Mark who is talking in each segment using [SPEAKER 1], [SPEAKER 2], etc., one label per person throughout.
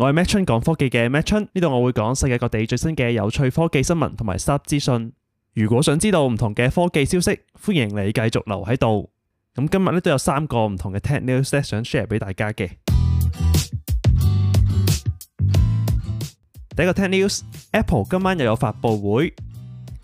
[SPEAKER 1] 我係麥春講科技嘅麥春，呢度我會講世界各地最新嘅有趣科技新聞同埋新資訊。如果想知道唔同嘅科技消息，歡迎你繼續留喺度。咁今日咧都有三個唔同嘅 tech news 想 share 俾大家嘅。第一個 tech news，Apple 今晚又有發佈會，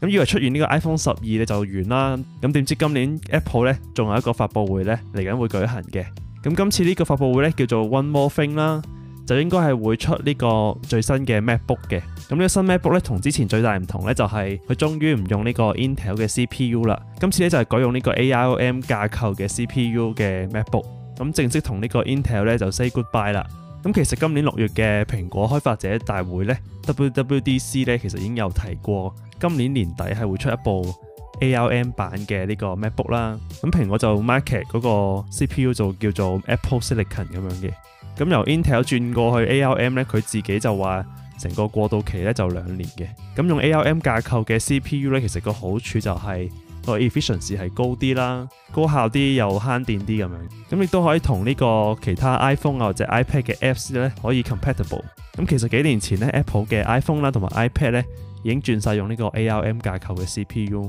[SPEAKER 1] 咁以為出現呢個 iPhone 十二咧就完啦，咁點知今年 Apple 咧仲有一個發佈會咧嚟緊會舉行嘅。咁今次呢個發佈會咧叫做 One More Thing 啦。就應該係會出呢個最新嘅 MacBook 嘅，咁呢個新 MacBook 咧同之前最大唔同咧就係佢終於唔用呢個 Intel 嘅 CPU 啦，今次咧就係改用呢個 ARM 架構嘅 CPU 嘅 MacBook，咁正式同呢個 Intel 咧就 say goodbye 啦。咁其實今年六月嘅蘋果開發者大會咧，WWDC 咧其實已經有提過，今年年底係會出一部 ARM 版嘅呢個 MacBook 啦，咁蘋果就 market 嗰個 CPU 就叫做 Apple Silicon 咁樣嘅。咁由 Intel 轉過去 ARM 咧，佢自己就話成個過渡期咧就兩年嘅。咁用 ARM 架構嘅 CPU 咧，其實個好處就係個 efficiency 係高啲啦，高效啲又慳電啲咁樣。咁亦都可以同呢個其他 iPhone 啊或者 iPad 嘅 Apps 咧可以 compatible。咁其實幾年前咧 Apple 嘅 iPhone 啦同埋 iPad 咧已經轉曬用呢個 ARM 架構嘅 CPU。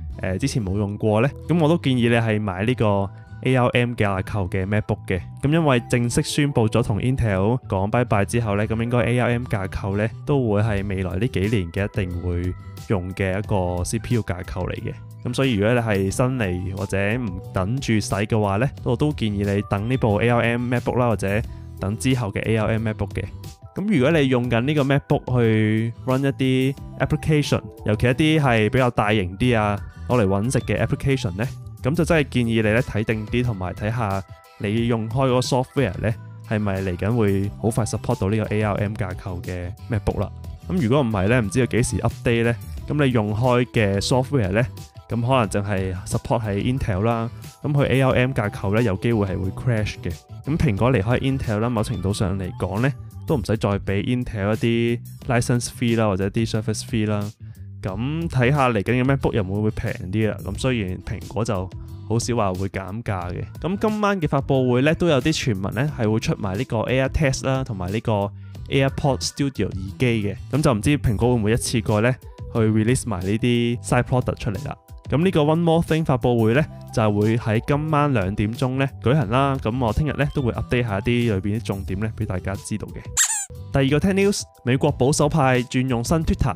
[SPEAKER 1] 誒之前冇用過呢，咁我都建議你係買呢個 A R M 架構嘅 MacBook 嘅。咁因為正式宣布咗同 Intel 講拜拜之後呢，咁應該 A R M 架構呢都會係未來呢幾年嘅一定會用嘅一個 C P U 架構嚟嘅。咁所以如果你係新嚟或者唔等住使嘅話呢，我都建議你等呢部 A R M MacBook 啦，或者等之後嘅 A R M MacBook 嘅。咁如果你用緊呢個 MacBook 去 run 一啲 application，尤其一啲係比較大型啲啊。攞嚟揾食嘅 application 呢，咁就真係建議你咧睇定啲，同埋睇下你用開嗰個 software 呢，係咪嚟緊會好快 support 到呢個 ARM 架構嘅 MacBook 啦。咁如果唔係呢，唔知要幾時 update 呢？咁你用開嘅 software 呢，咁可能淨係 support 喺 Intel 啦。咁佢 ARM 架構呢，有機會係會 crash 嘅。咁蘋果離開 Intel 啦，某程度上嚟講呢，都唔使再俾 Intel 一啲 license fee 啦，或者啲 service fee 啦。咁睇下嚟緊嘅 MacBook 又會唔會平啲啦？咁雖然蘋果就好少話會減價嘅。咁今晚嘅發佈會咧都有啲傳聞咧係會出埋呢個 AirTag 啦，同埋呢個 AirPod Studio 耳機嘅。咁就唔知蘋果會唔會一次過咧去 release 埋呢啲 side product 出嚟啦？咁呢個 One More Thing 發佈會咧就會喺今晚兩點鐘咧舉行啦。咁我聽日咧都會 update 一下啲裏面啲重點咧俾大家知道嘅。第二個 Tech News，美國保守派轉用新 Twitter。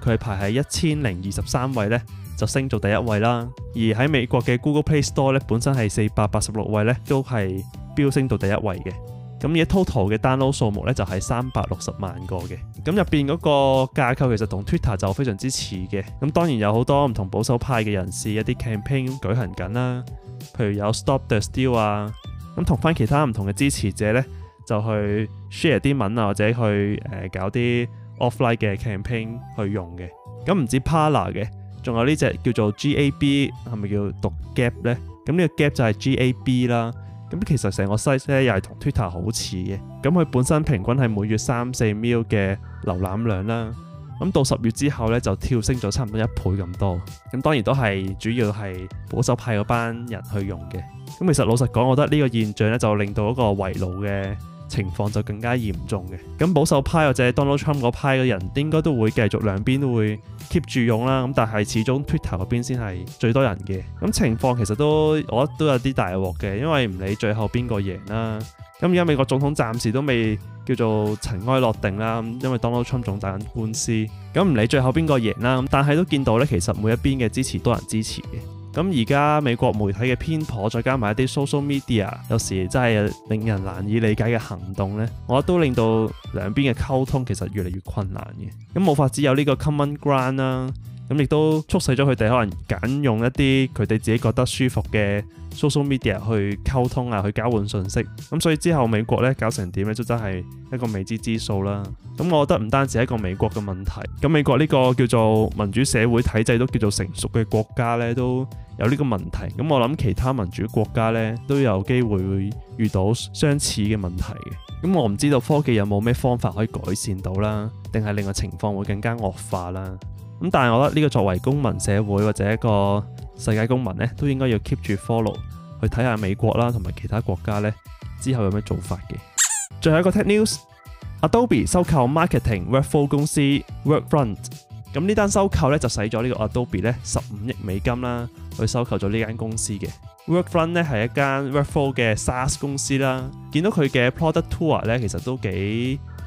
[SPEAKER 1] 佢排喺一千零二十三位咧，就升做第一位啦。而喺美國嘅 Google Play Store 咧，本身係四百八十六位咧，都係飆升到第一位嘅。咁而 total 嘅 download 數目咧，就係三百六十萬個嘅。咁入面嗰個架構其實同 Twitter 就非常之似嘅。咁當然有好多唔同保守派嘅人士一啲 campaign 舉行緊啦，譬如有 Stop the Steal 啊。咁同翻其他唔同嘅支持者咧，就去 share 啲文啊，或者去誒、呃、搞啲。offline 嘅 campaign 去用嘅，咁唔止 Parler 嘅，仲有呢隻叫做 GAB，係咪叫讀 gap 呢？咁呢個 gap 就係 GAB 啦。咁其實成個 size 咧又係同 Twitter 好似嘅，咁佢本身平均係每月三四 mil 嘅瀏覽量啦。咁到十月之後呢，就跳升咗差唔多一倍咁多。咁當然都係主要係保守派嗰班人去用嘅。咁其實老實講，我覺得呢個現象呢，就令到一個圍爐嘅。情況就更加嚴重嘅。咁保守派或者 Donald Trump 嗰派嘅人，應該都會繼續兩邊都會 keep 住用啦。咁但係始終 Twitter 嗰邊先係最多人嘅。咁情況其實都我覺得都有啲大鑊嘅，因為唔理最後邊個贏啦。咁而家美國總統暫時都未叫做塵埃落定啦，因為 Donald Trump 仲打緊官司。咁唔理最後邊個贏啦，但係都見到呢，其實每一邊嘅支持都有人支持嘅。咁而家美國媒體嘅偏頗，再加埋一啲 social media，有時真係令人難以理解嘅行動呢，我都令到兩邊嘅溝通其實越嚟越困難嘅。咁冇法只有呢個 common ground 啦，啊。咁亦都促使咗佢哋可能揀用一啲佢哋自己覺得舒服嘅 social media 去溝通啊，去交換信息。咁所以之後美國咧搞成點咧，都真係一個未知之數啦。咁我覺得唔單止係一個美國嘅問題，咁美國呢個叫做民主社會體制都叫做成熟嘅國家咧，都有呢個問題。咁我諗其他民主國家咧都有機會會遇到相似嘅問題嘅。咁我唔知道科技有冇咩方法可以改善到啦，定係另外情況會更加惡化啦。咁但係我覺得呢個作為公民社會或者一個世界公民咧，都應該要 keep 住 follow 去睇下美國啦，同埋其他國家咧之後有咩做法嘅。最後一個 tech news，Adobe 收購 marketing workflow 公司 Workfront。咁、嗯、呢單收購咧就使咗呢個 Adobe 咧十五億美金啦，去收購咗呢間公司嘅。Workfront 咧係一間 workflow 嘅 SAAS 公司啦，見到佢嘅 product tour 咧其實都幾。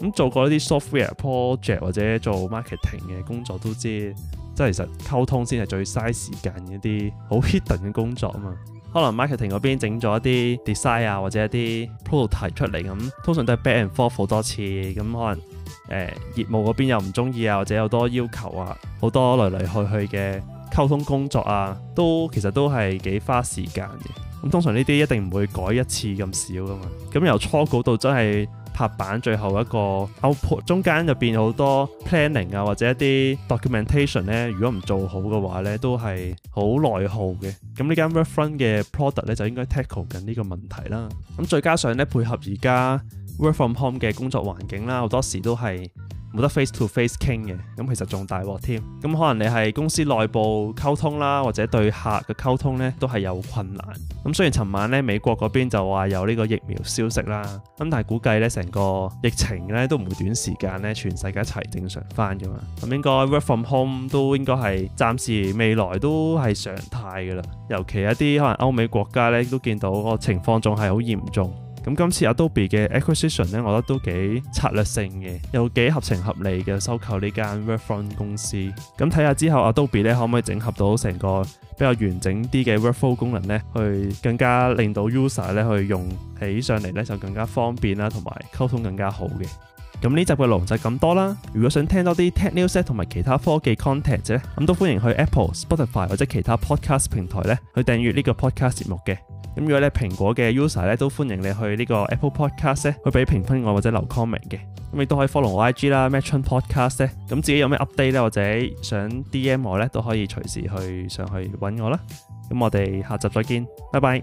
[SPEAKER 1] 咁做過一啲 software project 或者做 marketing 嘅工作都知，即係其實溝通先係最嘥時間嘅一啲好 hidden 嘅工作啊嘛。可能 marketing 嗰邊整咗一啲 design 啊或者一啲 prototype 出嚟咁，通常都係 back and forth 好多次，咁可能誒、呃、業務嗰邊又唔中意啊，或者有多要求啊，好多嚟嚟去去嘅溝通工作啊，都其實都係幾花時間嘅。咁通常呢啲一定唔會改一次咁少噶嘛。咁由初稿到真係～拍板最後一個 output，中間入邊好多 planning 啊，或者一啲 documentation 咧，如果唔做好嘅話咧，都係好內耗嘅。咁呢間 Workfront 嘅 product 咧，就應該 tackle 緊呢個問題啦。咁再加上咧，配合而家 work from home 嘅工作環境啦，好多時都係。冇得 face to face 傾嘅，咁其實仲大鑊添。咁可能你係公司內部溝通啦，或者對客嘅溝通呢都係有困難。咁雖然尋晚呢美國嗰邊就話有呢個疫苗消息啦，咁但係估計呢成個疫情呢都唔會短時間呢全世界一齊正常翻噶嘛。咁應該 work from home 都應該係暫時未來都係常態噶啦。尤其一啲可能歐美國家呢都見到個情況仲係好嚴重。咁今次阿 Adobe 嘅 acquisition 咧，我覺得都幾策略性嘅，又幾合情合理嘅收購呢間 Workfront 公司。咁睇下之後阿 Adobe 咧可唔可以整合到成個比較完整啲嘅 Workflow 功能咧，去更加令到 user 咧去用起上嚟咧就更加方便啦，同埋溝通更加好嘅。咁呢集嘅內容就咁多啦。如果想聽多啲 Tech News 同埋其他科技 content 咧，咁都歡迎去 Apple Spotify 或者其他 podcast 平台咧去訂閱呢個 podcast 節目嘅。咁如果你蘋果嘅 user 咧都歡迎你去呢個 Apple Podcast 咧去俾評分我或者留 comment 嘅，咁你都可以 follow 我 IG 啦，Macron Podcast 咧，咁自己有咩 update 咧或者想 DM 我咧都可以隨時去上去揾我啦，咁我哋下集再見，拜拜。